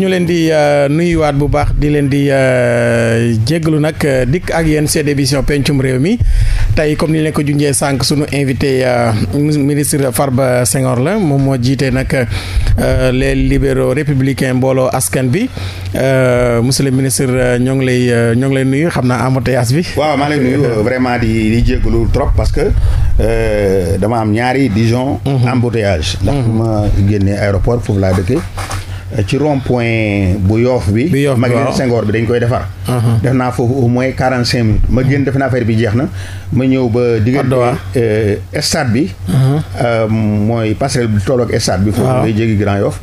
ñu leen di euh, nuyuwaat bu baax di leen di euh, jéggalu nag euh, dikk ak yéen seen émission pencum réew mi tey comme ni leen ko junjee sànq suñu invité ministre Farba Senghor la moom moo jiitee nag les libéraux républicain mbooloo askan bi monsieur le ministre ñoo ngi lay ñoo ngi lay nuyu xam naa embouteillage bi. waaw maa ngi nuyu vraiment di di jéggalu trop parce que dama am ñaari disons. Mhm. embouteillage. ndax ma génnee aéroport foofu laa dëkkee. ci rond point bu yoof bi. ma yoof Maguette Senghor bi dañ koy defar. Uh-huh. def naa foofu au moins quarante cinq minutes. ma génn defe naa affaire bi jeex na ma ñëw ba. diggante euh, stade bi. Uh-huh. Euh, mooy passerelle bi tolloog stade bi. foofu ngay jéggi Grand Yoff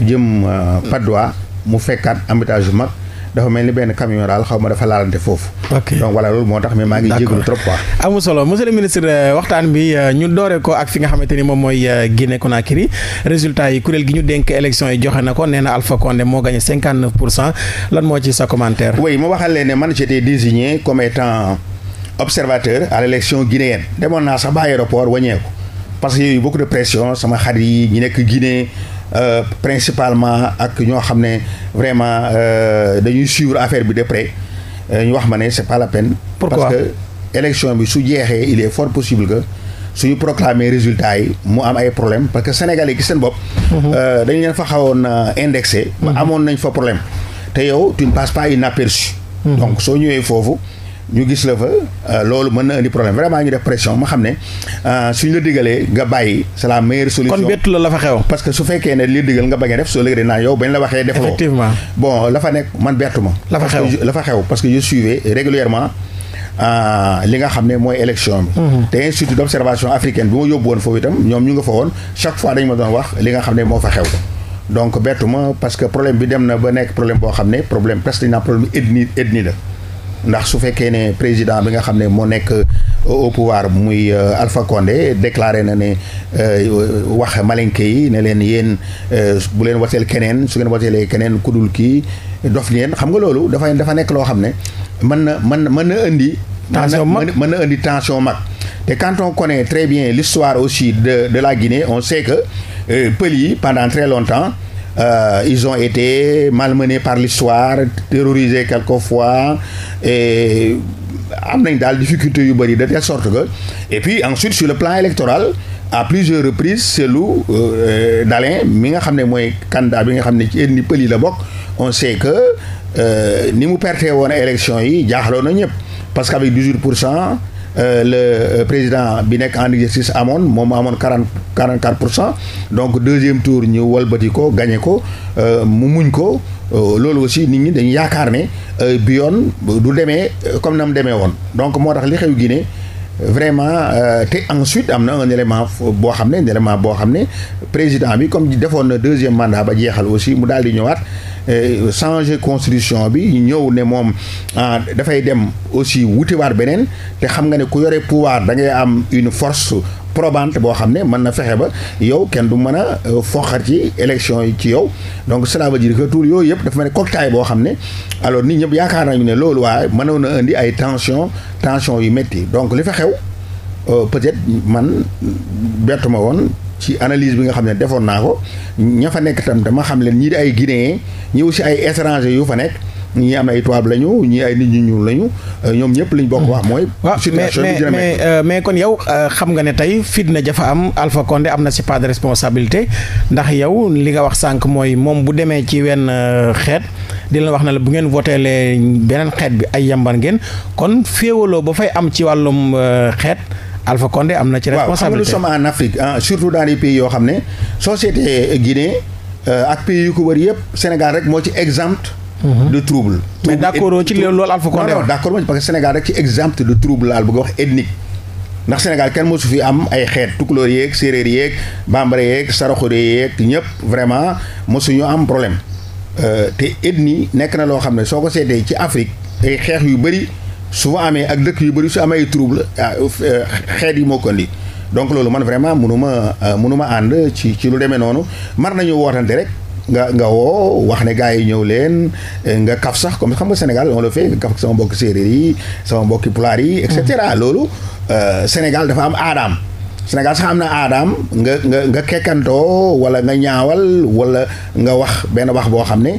jëm euh, Patte mu fekkaat embouteillage bu mag. dafa mel ni benn camion daal xaw ma dafa laalante foofu. ok donc loolu moo tax mais maa ngi jégalu trop quoi. amul solo ministre euh, waxtaan bi euh, ñu doore ko ak fi nga xamante ni moom mooy euh, Guinée Conakry résultat yi kuréel gi ñu dénk élection yi joxe na ko nee na Alpha Condé moo gagné cinquante neuf pour cent lan moo ci sa commentaire. oui mu waxal ne man j'étais désigné comme étant observateur à l' élection demoon naa sax ba aéroport wàññeeku parce que yooyu beaucoup de pression Euh, principalement ak ñoo xam ne vraiment euh, dañuy suivre affaire bi de près euh, ñu wax ma ne c'est pas la peine. pourquoi parce que élection bi su jeexee il est fort possible que suñu proclamer résultat yi mu am ay problème parce que Sénégal yi seen bopp. Mhm. dañu leen fa xawoon indexé. Mhm. amoon nañ fa problème te yow tu ne passes pas inaperçu. Mhm. donc soo ñëwee foofu. ñu gis la fa euh, loolu mën na ni problème vraiment ñu def pression ma xam ne euh, suñ la digalee nga bàyyi c'est la meilleure solution. kon bettu la la fa xew. parce que su fekkee ne li digal nga bañ a def soo lëgëre naa yow bañ la waxee. defloo effectivement bon la fa nekk man bettu ma. la fa xew parce que je suivais régulièrement euh, li nga xam ne mooy élection bi. Mhm. te institut d'observation africaine bi ma yóbbu woon foofu itam ñoom ñu nga fa woon chaque fois dañu ma doon nga xam ne moo fa xew. donc bettu ma parce que bi dem na ba nekk problème boo xam ne problème presque naa ndax su fekkee ne président bi nga xam ne moo nekk euh, au pouvoir muy euh, Alpha Condé déclaré na ne euh, wax malinke yi ne leen yéen bu leen wateel keneen su ngeen wateelee keneen kudul kii dof ngeen xam nga loolu dafa dafa nekk loo xam ne mën na mën na mën na indi tension mag mën na indi tension mag te quand on connaît très bien l'histoire aussi de la Guinée on sait que pël yi pendant très longtemps Euh, ils ont été malmenés par l'histoire terrorisés quelquefois et am nañ daal difficulté yu bëri de telle sorte que et puis ensuite sur le plan électoral à plusieurs reprises Cellou euh, Dalein mi nga xam ne mooy kandaa bi nga xam ne ci ethnie pël yi la bokk on sait que euh, ni mu perte woon élection yi jaaxaloon na ñëpp parce que avec 18 pour cent Euh, le euh, président bi nekk en exercice amoon moom amoon quarante quarante quatre pour cent donc deuxième tour ñu walbati ko gagné ko euh, mu muñ ko loolu aussi nit ñi dañu yaakaar ne bi yoon du demee comme na mu demee woon donc moo tax li xew Guinée vraiment te ensuite am na un élément boo xam ne un boo xam ne président bi comme defoon na deuxième mandat ba jeexal aussi mu daal di ñëwaat. Euh, changer constitution bi ñëw ne moom ah, dafay dem aussi wutiwaat beneen te xam nga ne ku yore pouvoir da am une force probante boo xam ne mën na fexe ba yow kenn du mën a euh, foxar ci élection yi ci yow donc cela veut dire que tout yooyu yëpp dafa man ne cocktail boo xam ne alors nit ñëpp yaakaar nañu ne loolu waaye mënoon na indi ay tension tension yi métti donc li fa xew euh, peut-être man bettu ma woon ci analyse bi nga xam ne defoon naa ko ña fa nekk tam dama xam leen ñii di ay guinéen ñëw si ay étranger yu fa nekk ñi am ay tubaab lañu ñi ay nit ñu ñuul lañu euh, ñoom ñëpp liñ bokk wax mooy. situation bi dina mais euh, mais kon yow euh, xam nga ne tey fitna jafa am Alpha am na si part de responsabilité ndax yow li nga wax sànq mooy moom bu demee ci wenn xeet di la wax na la bu ngeen voteelee beneen xeet bi ay yambar ngeen kon féewaloo ba fay am ci wàllum xeet. Alpha Condé am na ci responsabilité waaw xam nga nous sommes en Afrique surtout dans les yoo xam ne société Guinée euh, ak pays yu ko wër yëpp Sénégal rek moo ci exemple mhm. de trouble. mais d' accord ci loolu Alpha Condé non d' accord parce que Sénégal rek ci exempt de trouble laal bëgg wax ethnique. ndax Sénégal kenn mosu fi am ay xeet tukulóor yeeg séeréer yeeg bambara yeeg saraxure yeeg ñëpp vraiment mosuñu am problème euh, te ethnie nekk na loo xam ne soo ko seetee ci Afrique ay xeex yu bëri. su ma amee ak dëkk yu bëri su amee ay trouble ah, xeet yi moo ko indi donc loolu man vraiment mënu ma euh, mënu ànd ci ci lu demee noonu mar nañu wootante rek nga nga woo wax ne gars yi ñëw leen euh, nga kaf sax comme xam nga Sénégal on le fait nga kaf ak sama mbokki séeréer yi sama mbokki pulaar yi et cetera mm. loolu euh, Sénégal dafa am aadaam Sénégal sax am na aadaam nga nga nga kekkantoo wala nga ñaawal wala nga wax benn wax boo xam ne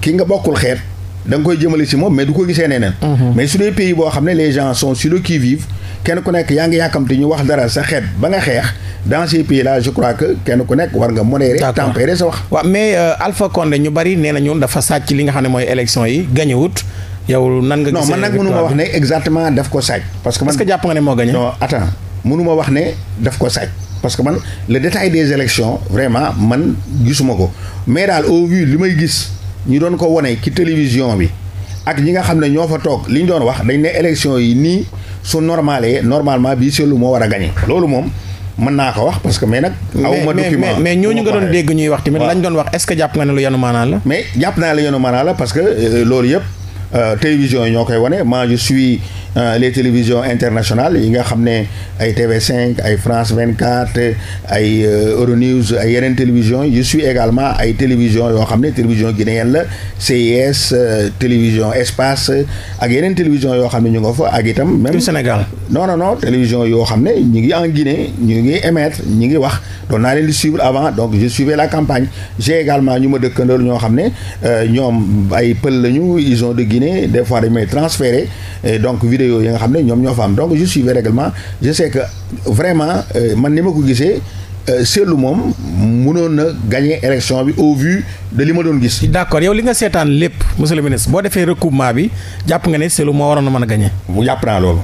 ki nga bokkul xeet danga koy jëmale si moom mais du ko gisee neneen mhm. mais su dee pays boo xam ne les gens sont sur le kenn ku nekk yaa ngi yàkkamte ñu wax dara sa xeet ba nga xeex dans ces pays là je crois que kenn ku nekk war nga modérer tempérer sa wax waaw mais euh, Alpha Condé ñu bari nee na ñun dafa sàcc li nga xam ne mooy élection yi gañewut yow nan nga gisee non man nag mënuma wax ne exactement daf ko sàcc parce que man est-ce que jàpp nga ne moo gañe wax ne daf ko sàcc parce que man le détail des élections vraiment man gisuma ko mais daal may gis ñi doon ko wone ci télévision bi ak ñi nga xam ne ñoo fa toog li ñu doon wax dañ ne élection yi nii su normalee normalement bii seetlu moo war a gañe loolu moom mën naa ko wax parce que mais nag. awuma ñoo ñu ñooñu nga doon dégg ñuy wax tamit lañ doon wax est-ce que jàpp nga ne lu yanu maanaa la. mais jàpp naa la yanu maanaa la parce que euh, loolu yëpp euh, télévision yi ñoo koy wane maa je Euh, les télévisions internationales yi nga xam ne ay tv ay France 24 ay euh, Euronews ay yeneen télévision je suis également ay télévision yoo xam ne télévision guinéenne la CIS euh, télévision Espace ak yeneen télévision yoo xam ne ñu nga fa ak itam même Sénégal non non non yoo xam ne ñu ngi en Guinée ñu ngi émettre ñu ngi wax doon naa leen di suivre avant donc je suivais la campagne j'ai également ñu ma dëkkandool ñoo xam ne ñoom ay pël lañu ils ont de Guinée des fois dañu may transféré donc vidéo yi nga xam ne ñoom ñoo fa am donc je suis règlement je sais que vraiment euh, man ni ma ko gisee euh, seetlu moom mënoon na gagner élection bi au vu de li ma doon gis. d'accord yow li nga seetaan lépp monsieur le ministre boo defee recoupement bi jàpp nga ne seetlu moo waroon na mën a gagner. bu jàpp naa loolu.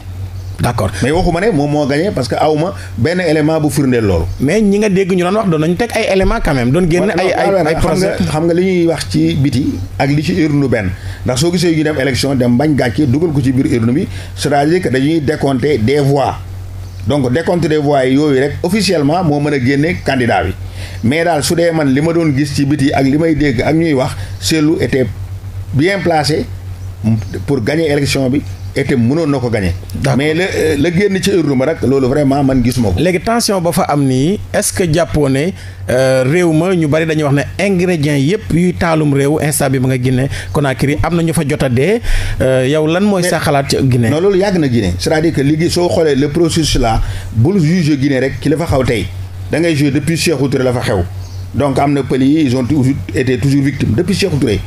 d' accord mais waxuma ne moom moo gagné parce que awma benn élément bu firndeel loolu. mais ñi nga dégg ñu doon wax doon nañu teg ay éléments quand même doon génn ay ay xam nga li ñuy wax ci biti ak li ci urne benn ndax soo gisee ñu dem élection dem bañ gàcce dugal ko ci biir urne bi c' est à dañuy décompter des voix donc décompte des yooyu rek officiellement moo mën a génne candidat bi mais daal su dee man li ma doon gis ci biti ak li may dégg ak ñuy wax Cellou était bien placé pour gagner élection bi. été mënoon na ko gagné. mais la euh, la génn ci urne ba rek loolu vraiment man gisuma ko. léegi tension ba fa am nii est-ce que jàppoo ne euh, réew ma ñu bari dañu wax ne ingrédients yëpp yuy taalum réew instant bi ma nga Guinée Conakry am na ñu fa jot de dee euh, yow lan mooy sa xalaat ci Guinée. non loolu yàgg na Guinée c'est-à-dire que léegi soo xoolee le processus là bul juge Guinée rek ci la fa xaw tey da ngay juge depuis Sékou Touré la fa xew. donc am na pël yi ils ont toujours été toujours victimes depuis Sékou Touré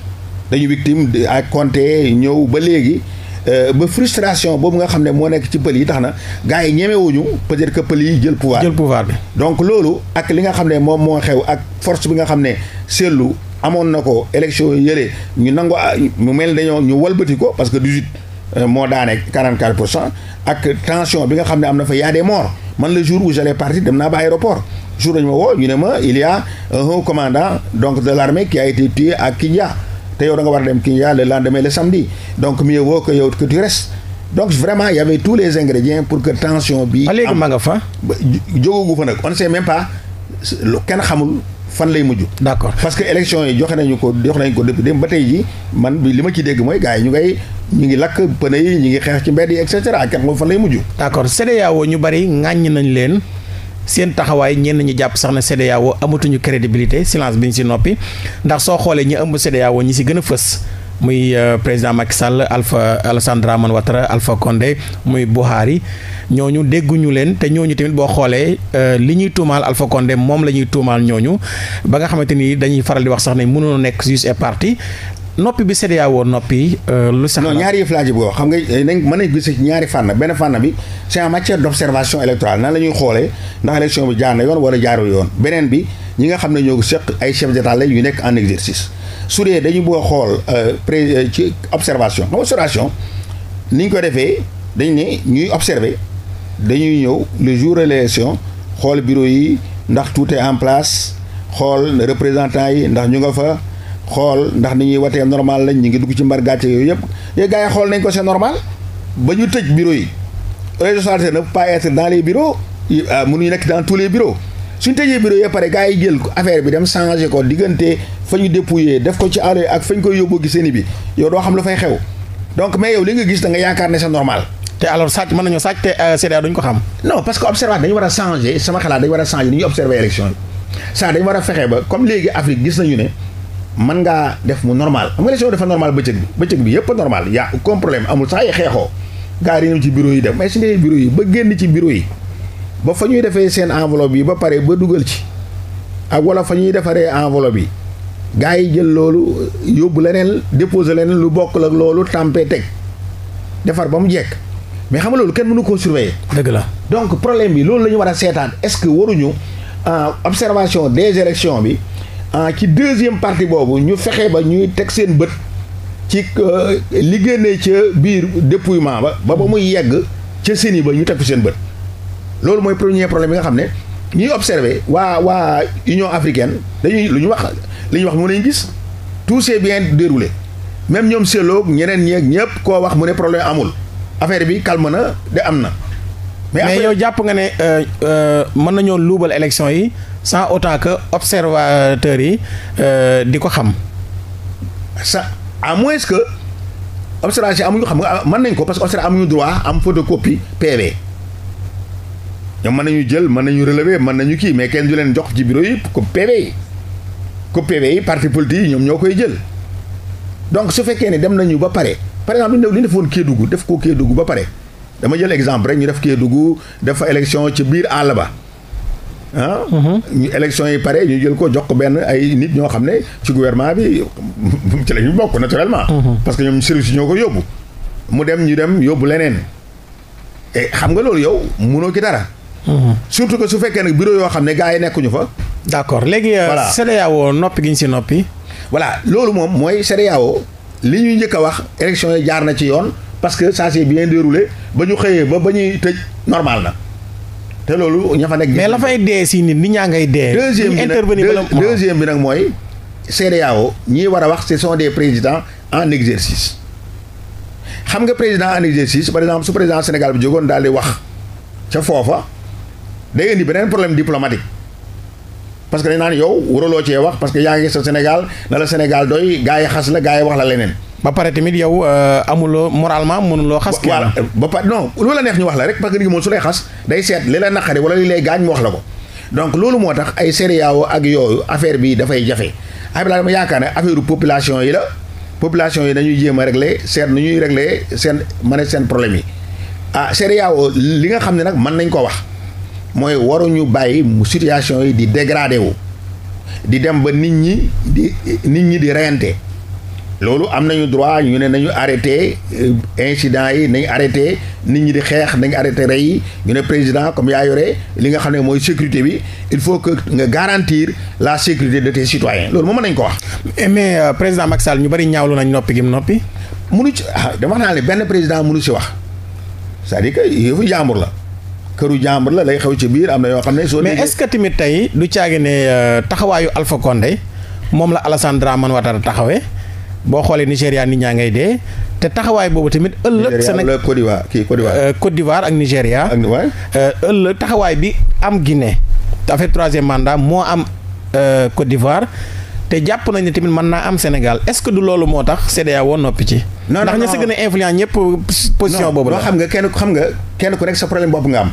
dañu victime ak ñëw ba léegi Euh, ba frustration boobu nga xam ne moo nekk ci pël yi tax na gars yi ñemewuñu peut-être que pël yi jël pouvoir jël pouvoir bi donc loolu ak li nga xam ne moom moo xew ak force bi nga xam ne seetlu amoon na ko élection yële ñu nangu ah, mu mel dañoo ñu walbati ko parce que 18 euh, moo daane 44 pour cent ak tension bi nga xam ne am na fa y a des morts man le jour où j'allais partir dem naa ba aéroport jour dañu ma woo ñu ne ma il y a commandant donc de l'armée qui a été tué te yow da war a dem Kenya ah, le lendemain le samedi donc mieux vaut que yow que tu restes donc vraiment y avait tous les ingrédients pour que tension bi. am léegi nga fa. jógoogu fa nag on ne sait même pas kenn xamul fan lay mujj. d'accord parce que élection yi joxe nañu ko jox nañu ko depuis dem ba tey ji man bi li ma ci dégg mooy gars yi ñu ngay ñu ngi lakk pëne yi ñu ngi xeex ci mbedd yi et cetera kenn moom fan lay mujj. d'accord CEDEAO ñu bari ŋàññ nañ leen. seen taxawaay ñenn ñi jàpp sax ne CEDEAO amatuñu crédibilité silence bi ñu si noppi ndax soo xoolee ñi ëmb CEDEAO ñi si gën a fës muy euh, président Macky Sall Alpha Alassane Dramane Ouattara Alpha Condé muy Buhari ñooñu dégguñu leen te ñooñu tamit boo xoolee euh, li ñuy tuumaal Alpha Condé moom la ñuy tuumaal ñooñu ba nga xamante ni dañuy faral di wax sax ne mënoo nekk juste et parti noppi bi CEDEAO noppi. Euh, lu sax non ñaari yëf laa ji boo xam nga eh, nañ mën nañ gis ñaari fànn benn fànna bi c'est en matière d'observation électorale nan la ñuy xoolee ndax élection bi jaar na yoon wala jaarul yoon beneen bi ñi nga xam ne ñoo seq ay chefs d'état la yu nekk en exercice su dee dañu boo xool euh, pré euh, ci observation xam observation ni ko defee dañ ne ñuy observer dañuy ñëw le jour de l'élection xool bureau yi ndax tout est en place xool représentants yi ndax ñu nga fa. xool ndax ni ñuy watee normal lañ ñu ngi dugg ci mbar yooyu yëpp yooyu gars yi xool nañ ko c'est normal ba ñu tëj bureau yi responsabilité ne pas être dans les bureaux ah, mënuñu nekk dans tous les bureaux suñ tëjee yi pare gars bi dem changé ko diggante fa ñu dépouillé def ko ci àll ak fañ koy yóbboo gisee bi yow doo xam lu xew donc mais yow li nga gis da nga yaakaar ne c'est normal. te alors sàcc mën nañoo sàcc te euh, ko xam. non parce que observateur dañu war a xalaat dañu war a changer ni ñuy observer élection yi saa dañu war a fexe ba comme léegi Afrique gis nañu ne. man ngaa def mu normal xam nga élection dafa normal bëccëg bi bëccëg bi yëpp normal yaa comme problème amul sax ay xeexoo gars yi ñëw ci bureau yi def may si ngay bureau yi ba génn ci bureau yi ba fa ñuy defee seen enveloppe yi ba pare ba dugal ci ak wala fa ñuy defaree enveloppe yi gars yi jël loolu yóbbu leneen déposer leneen lu bokk la loolu tàmpee teg defar ba mu jekk mais xam nga loolu kenn mënu koo surveiller. dëgg la donc problème bi loolu la ñu war a seetaan est-ce que waruñu observation des élections bi. ah ci deuxième parti boobu ñu fexe ba ñuy teg seen bët ci euh, li génnee ca biir dépouillement ba ba ba muy yegg ca seni ba ñu teg seen bët loolu mooy premier problème bi nga xam ne ñuy observé waa waa Union africaine dañuy lu ñu wax li ñu wax mu nañ gis tout bi bien déroulé même ñoom seloog ñeneen ñeeg ñëpp koo wax mu ne problème amul affaire bi calme na de am na mais yow jàpp nga ne euh, euh, mën nañoo luubal élection yi sans autant que observateurs yi euh, di ko xam. ça à moins que observation amuñu xam nga ah, mën nañ ko parce que observation amuñu droit am photocopie PV. ñoom mën nañu jël mën nañu relever mën nañu kii mais kenn du leen jox ci biro yi ko PV yi ko PV yi parti politique yi ñoom ñoo koy jël donc su fekkee ne dem nañu ba pare par exemple lu ñu def woon Kédougou def ko dugg ba pare. dama jël exemple rek ñu def Kédougou def fa élection ci biir àll ba ah. Mhm. ñu élection yi pare ñu jël ko jox ko benn ay nit ñoo xam ne ci gouvernement bi ci la ñu bokk naturellement. Mhm. parce que ñoom service ñoo ko yóbbu. mu dem ñu dem yóbbu leneen. et xam nga loolu yow mënoo ki dara. Mhm. surtout que su fekkee nag bureau yoo xam ne gars yi nekkuñu fa. Euh, e d' e accord léegi. voilà CEDEAO noppi gi ñu si noppi. voilà loolu moom mooy CEDEAO li ñuy njëkk a wax élection yi jaar na ci yoon. parce que ça s'est bien déroulé ba ñu xëyee ba ba ñuy tëj normal na te loolu ña fa nekk. mais la fay dee si ni nit ñaa ngay dee. deuxième bi nag deuxième bi nag mooy. CEDEAO ñii war a wax ce sont des présidents en exercice xam nga président en exercice par exemple su président Sénégal bi jógoon daal di wax ca foofa day indi beneen problème diplomatique parce que dañ naan yow waraloo cee wax parce que yaa ngi sa Sénégal na la Sénégal doy gaa yi xas la gaa yi wax la leneen. ba pare tamit yow euh, amuloo moralement mënuloo xas. waaw ba pare no lu la neex ñu wax la rek parce que nit moom su lay xas day seet li la naqari wala li lay gaañ mu wax la ko donc loolu moo tax ay céréales ak yooyu affaire bi dafay jafe. ay balaa dama yaakaar ne affaire population yi la yi dañuy jéem a régler seet nu ñuy régler seen mën seen problème yi ah céréales li nga xam ne nag mën nañ koo wax mooy waruñu bàyyi situation yi di dégradé wu di dem ba nit ñi di nit ñi di reyante. loolu am nañu droit ñu ne nañu arrêté euh, incident yi nañ arrêté nit ñi di xeex nañ arrêté rey yi ñu ne président comme yaa yore li nga xam ne mooy sécurité bi il faut que nga garantir la sécurité de tes citoyens loolu moom nañ ko wax. Eh, mais euh, président ñu bari ñaawlu nañ noppi mu noppi. munu ci ah dama naa ne benn président munu si wax cest à que yëfu jàmbur la. këru jàmbur la lay xew ci biir am na yoo xam ne. soo mais est-ce que tamit tey du caagi ne euh, taxawaayu Alpha moom la Alassane Dramane Ouattara taxawee. boo xoolee Nigéria nit ñaa ngay dee te taxawaay boobu tamit ëllëg Sénégal Côte d'Ivoire kii Côte d'Ivoire euh, Côte d'Ivoire ak Nigéria euh, ëllëg taxawaay bi am Guinée en fait troisième mandat moo am euh, Côte d'Ivoire te jàpp nañ ne tamit mën naa am Sénégal est-ce que du loolu moo tax CEDEAO noppi ci. non ndax ña si gën ñëpp position boobu la. xam nga kenn xam nga kenn ku nekk sa problème bopp nga am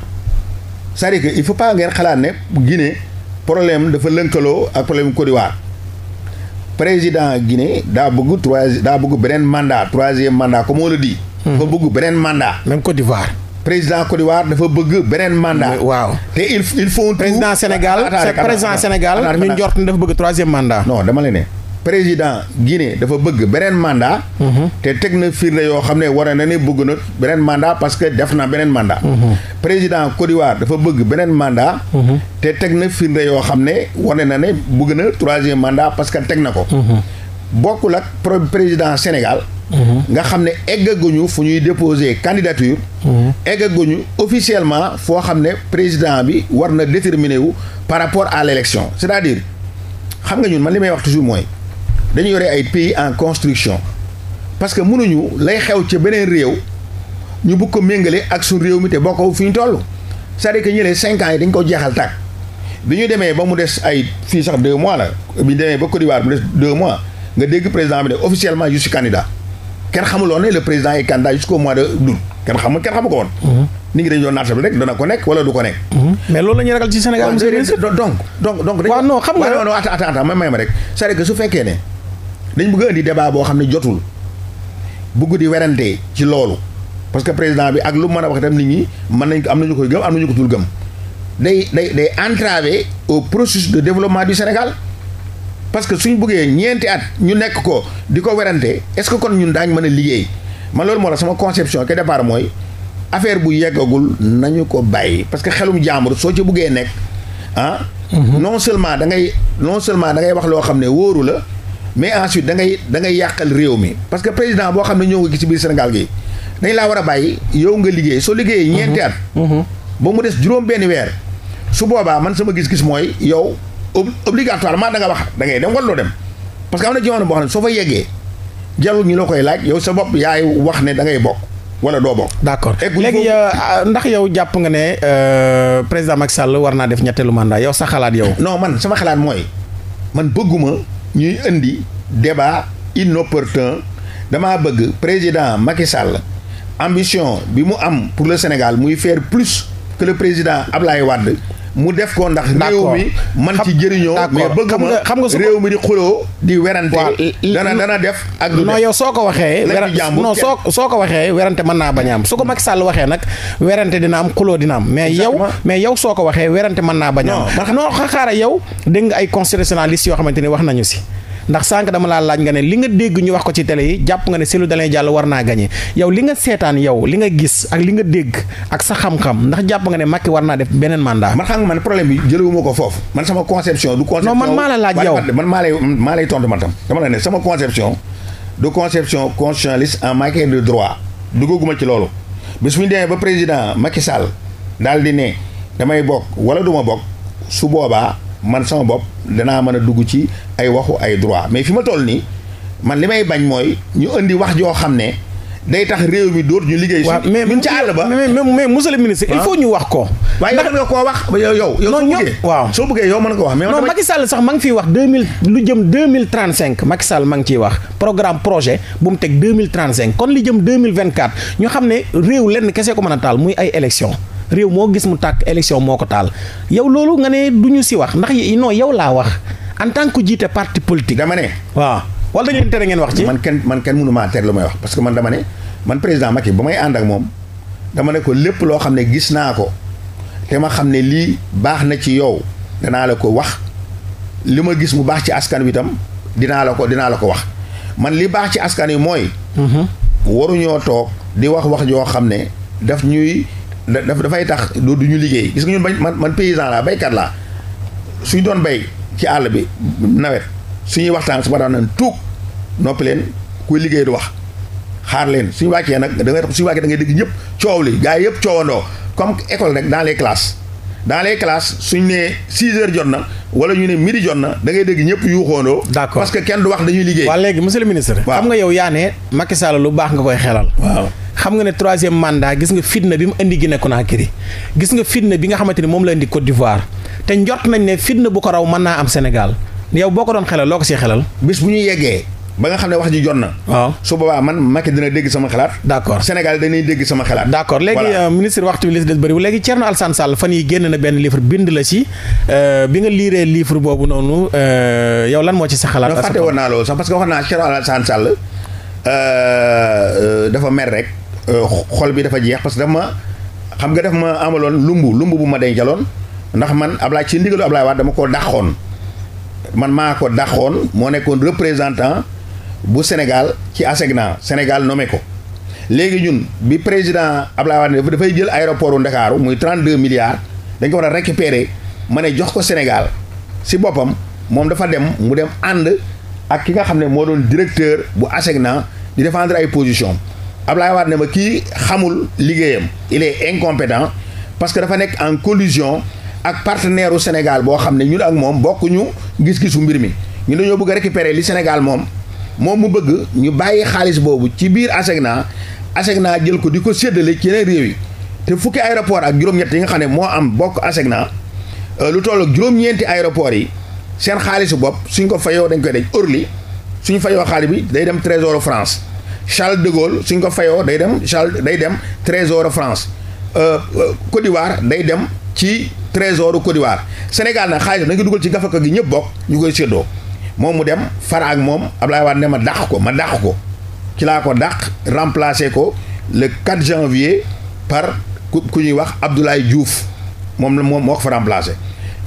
c'est-à-dire que il xalaat ne Guinée problème dafa lënkaloo ak problème Côte président Guinée daa bëgg trois daa bëgg beneen mandat troisième mandat comme on le dafa hmm. bëgg beneen mandat. même Côte d'Ivoire. président Côte d'Ivoire dafa bëgg beneen mandat. waaw te il il faut. président Sénégal président Sénégal ñu njort dafa bëgg troisième mandat. non dama la ne. président Guinée dafa bëgg beneen mandat. Mhm. te teg na firnde yoo xam ne war na ne bëgg na beneen mandat parce que def na beneen mandat. Mhm. président Côte dafa bëgg beneen mandat. Mhm. te teg na firnde yoo xam ne war na ne bëgg na troisième mandat parce que teg na ko. bokkul ak président Sénégal. nga xam ne eggaguñu fu ñuy déposer candidature. eggaguñu officiellement foo xam ne président bi war na déterminer wu par rapport à l' élection c' à dire xam nga ñun man li may wax toujours mooy. dañu yore ay pays en construction parce que mënuñu lay xew ci beneen réew ñu bëgg ko méngale ak suñ réew mi te bokkul fi ñu toll c'est-à-dire ñëlee cinq yi dañ ko jeexal tàkk bi ñu demee ba mu des ay fii sax deux mois la bi demee ba Côte mu des deux mois nga dégg président bi ne officiellement je suis candidat kenn xamuloon ne le président est candidat jusqu'au mois de août kenn xamul kenn xamu ko woon. Mhm. ni ngi dañu doon naata bi rek dana ko su fekkee ne. dañ bëgg a indi débat boo xam ne jotul bëgg di werante ci loolu parce que président bi ak lu mën a wax itam nit ñi mën nañ ko am nañu koy gëm am nañu ko dul gëm day day day entraver au processus de développement du Sénégal parce que suñ buggee ñeenti at ñu nekk ko di ko werante est-ce que kon ñun daañ mën a liggéey man loolu moo la sama conception ke départ mooy affaire bu yeggagul nañu ko bàyyi parce que xelum jaambur soo ci buggee nekk ah mm-hmm. non seulement da ngay non seulement da ngay wax loo xam ne wóoru la mais ensuite da ngay da ngay yàqal réew mi parce que président boo xam ne ñëw nga ci biir Sénégal gi dañ laa war a bàyyi yow nga liggéey soo liggéeyee ñeenti at mm-hmm. ba mu des juróom benn weer su boobaa man sama gis-gis mooy yow obligatoirement da nga wax da ngay dem walloo dem parce que na jamono boo xam ne soo fa yeggee jarul ñu la koy laaj yow sa bopp yaay wax ne da ngay bokk wala doo bokk. d'accord léegi euh, ah, ndax yow jàpp nga ne euh, président Macky Sall war naa def ñetteelu mandat yow sa xalaat yow. non man sama xalaat mooy man bëgguma ñuy indi débat inopportun damaa bëgg président Macky Sall bi mu am pour le Sénégal muy faire plus que le président Ablaye Wade mu def ko ndax réew mi man ci jëriñoo mais bëgg ma xam nga su réew mi di xuloo di werante dana dana def ak non yow soo ko waxee non soo soo ko waxee werante mën naa bañ am su ko mag Sall waxee nag werante dina am xuloo dina am mais yow mais yow soo ko waxee werante mën naa bañ a am non xaara yow dégg nga ay constitutionnalistes yoo xamante ni wax nañu si ndax sànq dama laa laaj nga ne li nga dégg ñu wax ko ci tele yi jàpp nga ne Cellou Dalein Diallo war naa gagné yow li nga seetaan yow li nga gis ak li nga dégg ak sa xam-xam ndax jàpp nga ne Macky war naa def beneen mandat. man xam nga man problème bi jëlewuma ko foofu man sama conception. du conception non man maa la laaj yow man maa lay maa lay tontu man tam sama conception de conception constitutionnaliste en matière de droit duggaguma ci loolu bis bu ñu demee ba président Macky Sall daal di ne damay bokk wala du ma bokk su boobaa. man sama bopp danaa mën a dugg ci ay waxu ay droit mais fi ma toll nii man li may bañ mooy ñu indi wax joo xam ne day tax réew mi dóor ñu liggéey. waaw mais ñun ci àll ba. mais mais ministre. il faut ñu wax ko. waaye yow nga koo wax yow yow. non ko wax. mais non Macky Sall sax ngi fiy wax deux mille lu jëm deux mille trente cinq wax programme projet bu mu teg deux mille trente cinq kon li jëm deux mille vingt quatre ñu xam ne réew lenn kese ko mën a taal muy ay élection réew moo gis mu tàkk élection moo ko taal yow loolu nga ne du ñu si wax ndax yi non yow laa wax en tant que jiite parti politique. dama ne. waaw wala dañu leen tere ngeen wax ci. man kenn man kenn mënu maa tere lu may wax parce que man dama ne man président Macky ba may ànd ak moom dama ne ko lépp loo xam ne gis naa ko te ma xam ne lii baax na ci yow danaa la ko wax li ma gis mu baax ci askan wi tam dinaa la ko dinaa la ko wax man li baax ci askan wi mooy. Mm-hmm. waruñoo toog di wax wax yoo xam ne daf ñuy. dafay tax du du ñu liggéey gis nga ñun bañ man man paysan laa béykat laa suñu doon béy ci àll bi nawet suñuy waxtaan suba daan nañ tuug noppi leen kuy liggéey du wax xaar leen suñu wàccee nag da ngay suñu wàccee da ngay dégg ñëpp coow li gars yi yëpp coowandoo comme école rek dans les classes dans suñu ne suñ nee 6 jot na wala ñu ne midi jot na da dégg ñëpp yuuxoondoo d'accord parce que kenn du wax dañuy liggéey. waaw léegi monsieur le ministre. waaw xam nga yow yaa ne lu baax nga koy xelal. waaw. xam nga ne troisième mandat gis nga fitna bi mu indi Guinée Conakry gis nga fitna bi nga xamante ni moom la indi Côte d'Ivoire te njort nañ ne fitna bu ko raw man naa am Sénégal yow boo ko doon xelal loo ko see xelal. bis bu ñu yeggee ba nga xam ne wax ji jot na. waaw su boobaa man Macky dina dégg sama xalaat. d' accord Sénégal dañuy dégg sama xalaat. d' accord léegi euh, ministre waxtu bi li si des bëriwul léegi Thierno Alassane Sall fan yi génn na benn livre euh, bi nga liiree livre boobu noonu euh, yow lan moo ci sa xalaat. non fàtte woon naa loolu parce que wax naa Thierno Alassane Sall dafa mer rek. Euh, xol bi dafa jeex parce que dafa ma xam nga daf ma amaloon lumbu lumbu bu ma dencaloon ndax man Ablaye ci ndigalu Ablaye Wade dama ko dàqoon man maa ko dàqoon moo nekkoon représentant bu Sénégal ci ASECNA Sénégal nome ko léegi ñun bi président Ablaye Wade dafay jël aéroport u Ndakaaru muy 32 milliards dañ ko war a récupérer ma ne jox ko Sénégal si boppam moom dafa dem mu dem ànd ak ki nga xam ne moo doon directeur bu ASECNA di défendre ay position Ablaye Wade ne ma kii xamul liggéeyam il est incompétent parce que dafa nekk en collusion ak partenaire u Sénégal boo xam ne ñun ak moom ñu gis-gisu mbir mi ñu dañoo bëgg a récupérer li Sénégal moom moom mu bëgg ñu bàyyi xaalis boobu ci biir ASECNA ASECNA jël ko di ko séddale ci yeneen réew yi te fukki aéroport ak juróom-ñett yi nga xam ne moo am bokk ASECNA euh, lu toll ak juróom-ñeenti aéroport yi seen xaalisu bopp suñ ko fayoo dañ koy daj Orly suñ fayoo xaalis bi day dem trésor France Charles de Gaulle suñ ko fayoo day dem Charles day dem trésor France euh, euh, Côte d'Ivoire day dem ci trésor Côte d'Ivoire Sénégal na xaalis dañ ko dugal ci gafaka gi ñëpp bokk ñu koy séddoo moom mu dem far ak moom Ablaye Wade ne ma dàq ko ma dàq ko ci laa ko dàq remplacé ko le 4 janvier par ku ñuy wax Abdoulaye Diouf moom la moom moo ko fa remplacé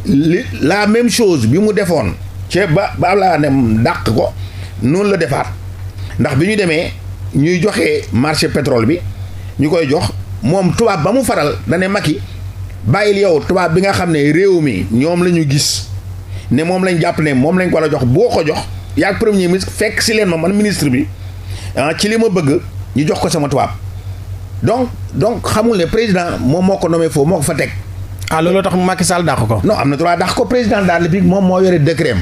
la même chose bi mu defoon ci ba ba Ablaye Wade ne dàq ko noonu la defaat ndax bi ñu demee ñuy joxe marché pétrole bi ñu koy jox moom tubaab ba mu faral da ne Macky bàyyil yow tubaab bi nga xam ne réew mi ñoom la ñu gis ne moom lañ jàpp ne moom lañ ko war a jox boo ko jox yaag premier ministre fekk si leen ma man ministre bi ah ci li ma bëgg ñu jox ko sama tubaab donc donc xamul ne président moom moo ko nommé foofu moo ko fa teg. ah loolu tax mu Macky Sall dàq ko. non am na droit dàq ko président de la République moom moo yore décret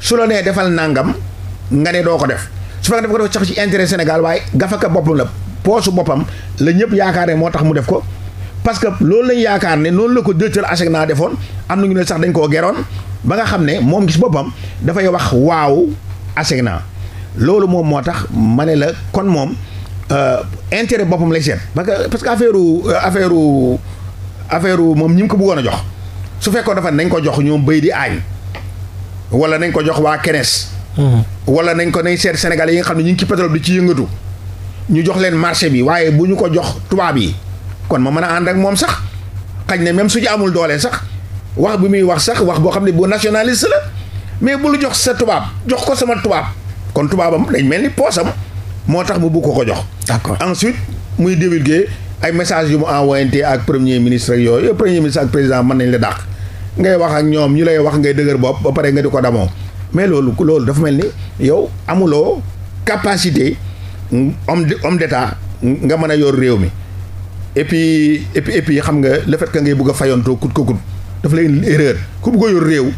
su la nee defal nangam nga ne doo ko def. su fekkee dafa ko def sax ci intérêt Sénégal waaye gafaka boppam la poosu boppam la ñëpp yaakaar ne moo tax mu def ko parce que loolu lañ yaakaar ne loolu la ko directeur ASECNA defoon am na ñu ne sax dañ koo geroon ba nga xam ne moom si boppam dafay wax waaw ASECNA loolu moom moo tax ma ne la kon moom euh, intérêt boppam lay seet parce que parce que affaire euh, affaire affaire moom ñi mu ko bëggoon a jox su fekkoon dafa nañ ko jox ñoom béy di aañ wala nañ ko jox waa kenees wala nañ ko nañ seet sénégalais yi nga xam ne ñu ngi ci pétrole bi ci yëngatu ñu jox leen marché bi waaye bu ñu ko jox tubaab yi kon ma mën a ànd ak moom sax xañ ne même su ci amul doole sax wax bi muy wax sax wax boo xam ne bu nationaliste la mais bu lu jox sa tubaab jox ko sama tubaab kon tubaabam dañ mel ni poosam moo tax mu bugg ko ko jox. d'accord ensuite muy divulguer ay message yu mu envoyé ak premier ministre ak yooyu premier ministre ak président mën nañ la dàq ngay wax ak ñoom ñu lay wax ngay dëgër bopp ba pare nga di ko damoo. mais loolu loolu dafa mel ni yow amuloo capacité homme homme d'état nga mën a yor réew mi et puis et puis xam nga le fait que ngay bëgg a fayantoo kut ko kut dafa lay erreur ku bëgg a yor réew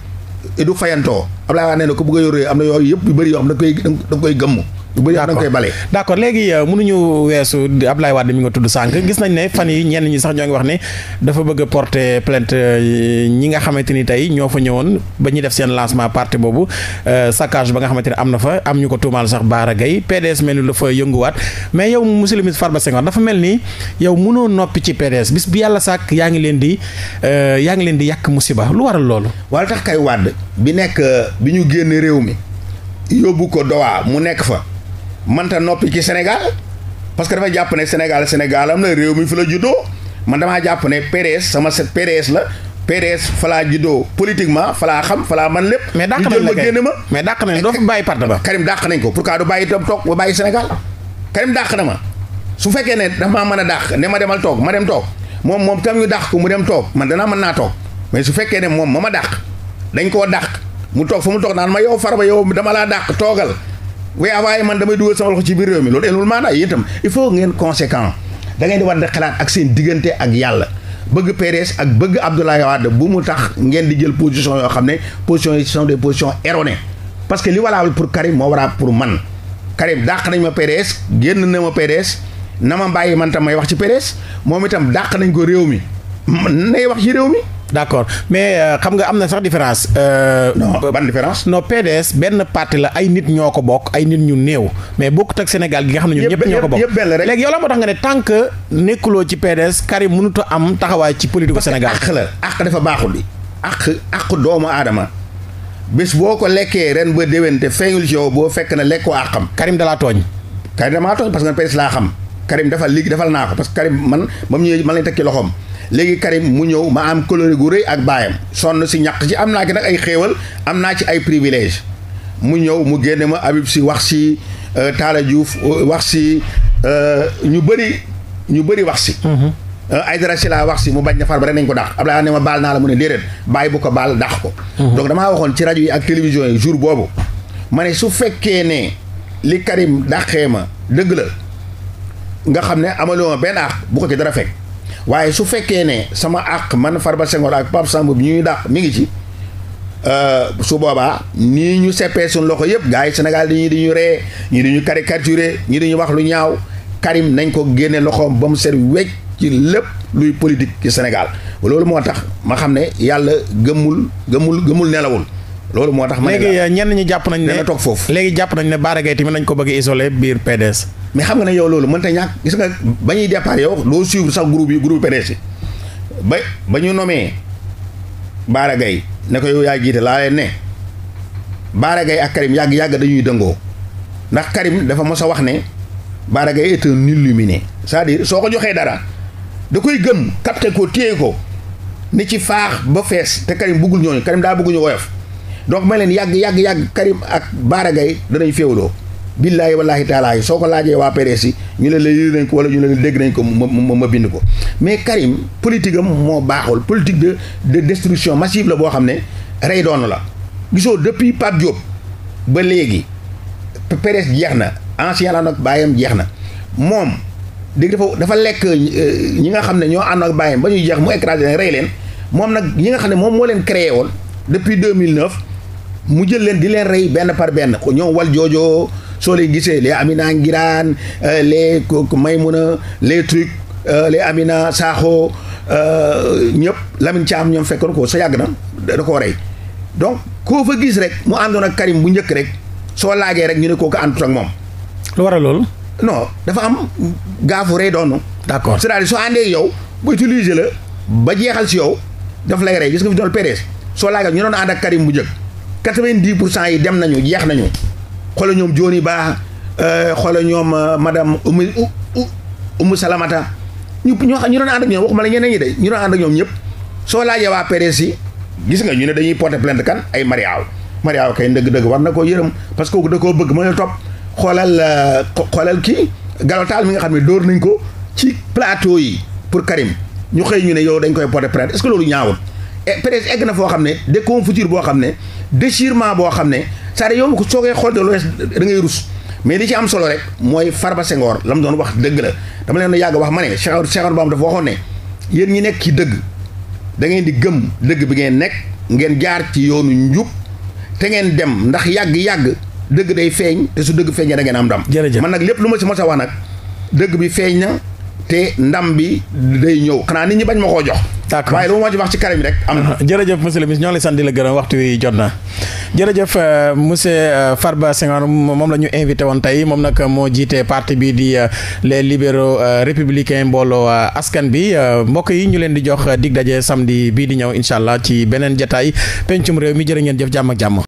du fayantoo Abdoulaye Wade nee na ku bëgg a yor réew am na yooyu yëpp yu bëri yoo xam da nga koy da koy gëmm bu bëri da nga bale d' accord léegi euh, mënuñu weesu Abdoulaye Wade mi nga tudd sànq gis nañ ne fan yi ñenn ñi sax ñoo ngi wax ne dafa bëgg a porter euh, ñi nga xamante ni tey ñoo fa ñëwoon ba ñuy def seen lancement parti boobu euh, saccage ba nga xamante ne am na fa am ñu ko tuumaal sax Baara Gaye PDS mel ni dafa yënguwaat mais yow monsieur le ministre Farba Senghor dafa mel ni yow mënoo noppi ci PDS bis bi yàlla sàkk yaa ngi leen di yaa ngi leen di yàq musiba lu waral loolu wala tax kay Wade bi nekk bi ñu génn réew mi yóbbu ko dowaa mu nekk fa mënta noppi ci Sénégal parce que dafa jàpp ne Sénégal Sénégal am na réew mi fi la juddoo man damaa jàpp ne PDS sama set PDS la PDS falaa juddoo politiquement falaa xam falaa man lépp. mais dàq nañ la ma mais dàq nañ doo fi bàyyi parti ba. Karim dàq ko pourquoi du bàyyi itam toog ba bàyyi Sénégal Karim dàq na ma su fekkee ne dafa mën a dàq ne ma demal toog ma dem toog moom moom tam ñu dàq ko mu dem toog man danaa mën naa toog mais su fekkee ne moom ma ma dàq dañ koo dàq mu toog fa mu toog naan ma yow Farba yow dama laa dàq toogal. way avaaye ah, man damay dugal sama loxo ci biir réew mi loolu elul maanaa yéen tam il faut ngeen conséquent da ngeen di war di xalaat ak seen diggante ak yàlla bëgg PDS ak bëgg Abdoulaye Wade bu mu tax ngeen di jël position yoo xam ne position yi sont des positions erronées parce que li valable pour Karim moo wara pour man Karim dàq nañ ma PDS génn na ma PDS na ma bàyyi man tam may wax ci PDS moom itam dàq nañ ko réew mi nay wax ci réew mi d' accord mais euh, xam nga am na sax différence. Euh, non ban différence. non PDS benn parti la ay nit ñoo ko bokk ay nit ñu néew mais bokkut ak Sénégal gi nga xam na ñu ñëpp ñoo ko bokk yëpp benn rek léegi yow la moo nga ne tant que nekkuloo ci PDS Karim mënut am taxawaay ci politique Sénégal. parce que la àq dafa baaxul bi àq àq doomu aadama. bis boo ko lekkee ren ba déwén te feeñul ci yow boo fekk na lekkoo àqam. Karim dalaa tooñ. Karim damaa tooñ parce que man PDS laa xam. Karim dafa léegi defal naa ko parce Karim man ba mu ñëwee man lañ tekki léegi Karim mu ñëw ma am coloré gu rëy ak baayam sonn si ñàq ci am naa ci nag ay xéewal am naa ci ay privilège mu ñëw mu génne ma Habib si wax si euh, Talla Diouf euh, wax si euh, ñu bari ñu bari wax si mhm. Aïdara si laa wax si mu bañ na far ba rek nañ ko dàq Abdoulaye ne ma baal naa la mu ne déedéet bàyyi bu ko baal dàq ko mhm. donc damaa waxoon ci rajo yi ak télévision yi jour boobu ma ne su fekkee ne li Karim dàqee ma dëgg la nga xam ne amaluma benn aax bu ko ci dara fekk waaye su fekkee ne sama àq man Farba Senghor ak Pape Samba bi ñuy dàq mi ngi ci euh, su boobaa nii ñu seppee suñ loxo yëpp gars yi Sénégal ñii di ñu ree ñii di ñu caricaturé ñii di ñu wax lu ñaaw Karim nañ ko génne loxoom ba mu seet wecc ci lépp luy politique ci Sénégal loolu moo tax ma xam ne yàlla gëmul gëmul gëmul nelawul loolu moo tax. may léegi ñenn ñi jàpp nañ ne dana toog foofu. léegi jàpp nañ ne Bara Gaye tamit nañ ko bëgg a isolé biir PDS. xam nga ne yow loolu mënta ñàkk gis nga bañuy ñuy départ yow doo suivre sax groupe yi groupe PDS ba ba ñu nomee Bara Gaye ne ko yow yaa jiite laa leen ne Bara ak Karim yàgg yàgg dañuy dëngoo ndax Karim dafa mos a wax ne Bara Gaye est un illuminé c'est-à-dire soo ko joxee dara da koy gëm capté ko téye ko ni ci faax ba fees te Karim bëggul ñooñu Karim daa bëgg ñu donc ma leen yàgg yàgg yàgg Karim ak Bara Gaye danañ féewloo billaahi wallaahi taalaa yi soo ko laajee waa PDS yi ñu ne la lii nañ ko wala ñu ne la dégg nañ ko ma ma bind ko mais Karim politique am moo baaxul politique de de destruction massive la boo xam ne rey doon la gisoo depuis Pape Diop ba léegi PDS jeex na ancien la nag baayam jeex na moom dégg dafa dafa lekk euh, ñi nga xam ne ñoo ànd ak bàyyam ba ñuy jeex mu écrasé leen rey leen moom nag ñi nga xam ne moom moo leen créé woon depuis 2009 mu jël leen di leen rey benn par benn ñoom wal joojoo soo leen gisee les Amina Ngiraan euh, les Maymuna les trucs euh, les Amina Saaxo euh, ñëpp Lamine Thiam ñoom fekkoon ko sa yàgg na da koo rey donc koo fa gis rek mu àndoon ak Karim bu njëkk rek soo laajee rek ñu ne kooku àndut ak moom. lu loolu. non dafa am gaafu rey doon d'accord c'est-à-dire àndee yow bu utiliser la ba jeexal si yow daf lay rey gis nga fi doon PDS soo laagee ñu doon ànd ak Karim bu njëkk. quatre-vingt-dix pour cent yi dem nañu jeex nañu xoola ñoom Joni Ba euh, xoola ñoom euh, madame Oumy Oumou Salamata ñu ñu ñu doon ànd ak ñoom waxuma la ñeneen ñi de ñu doon ànd ak ñoom ñëpp soo laajee waa PDS yi gis nga ñu ne dañuy porter plainte kan ay Mariaw Mariaw kay dëgg-dëgg war na koo yërëm parce que kooku da koo bëgg mën a topp xoolal euh, xoolal kii galotaal mi nga xam ne dóor nañ ko ci plateau yi pour Karim ñu xëy ñu ne yow dañ koy porter plainte est-ce que loolu ñaawut E, presse egg na foo xam ne déconfiture boo xam ne déchirement boo xam ne cest yow dire yow soo koy xool de lu da ngay rus mais li ci am solo rek mooy Farba Senghor la mu doon wax dëgg la dama leen yàgg wax ma ne Cheikh Ahmadou Bamba dafa waxoon ne yéen ñi nekk ci dëgg da ngeen di gëm dëgg bi ngeen nekk ngeen jaar ci yoonu njub te ngeen dem ndax yàgg-yàgg dëgg day feeñ te su dëgg feeñee da ngeen am ndam. jërëjëf man nag lépp lu ma si mos a wax nag dëgg bi feeñ na. te ndam bi day ñëw xanaa nit ñi bañ ma koo jox d'accord waaye lu ma ci wax ci Karim rek am na jërëjëf monsieur le ministre ñoo ngi lay sant di la gërëm waxtu wi jot na jërëjëf euh, monsieur euh, Farba Senghor moom la ñu invité woon tey moom nag moo jiite parti bi di euh, les libéraux républicains mbooloo askan bi mbokk yi ñu leen di jox dig daje samedi bii di ñëw incha allah ci beneen jataay pencum réew mi jërë ngeen jëf jàmm ak jàmm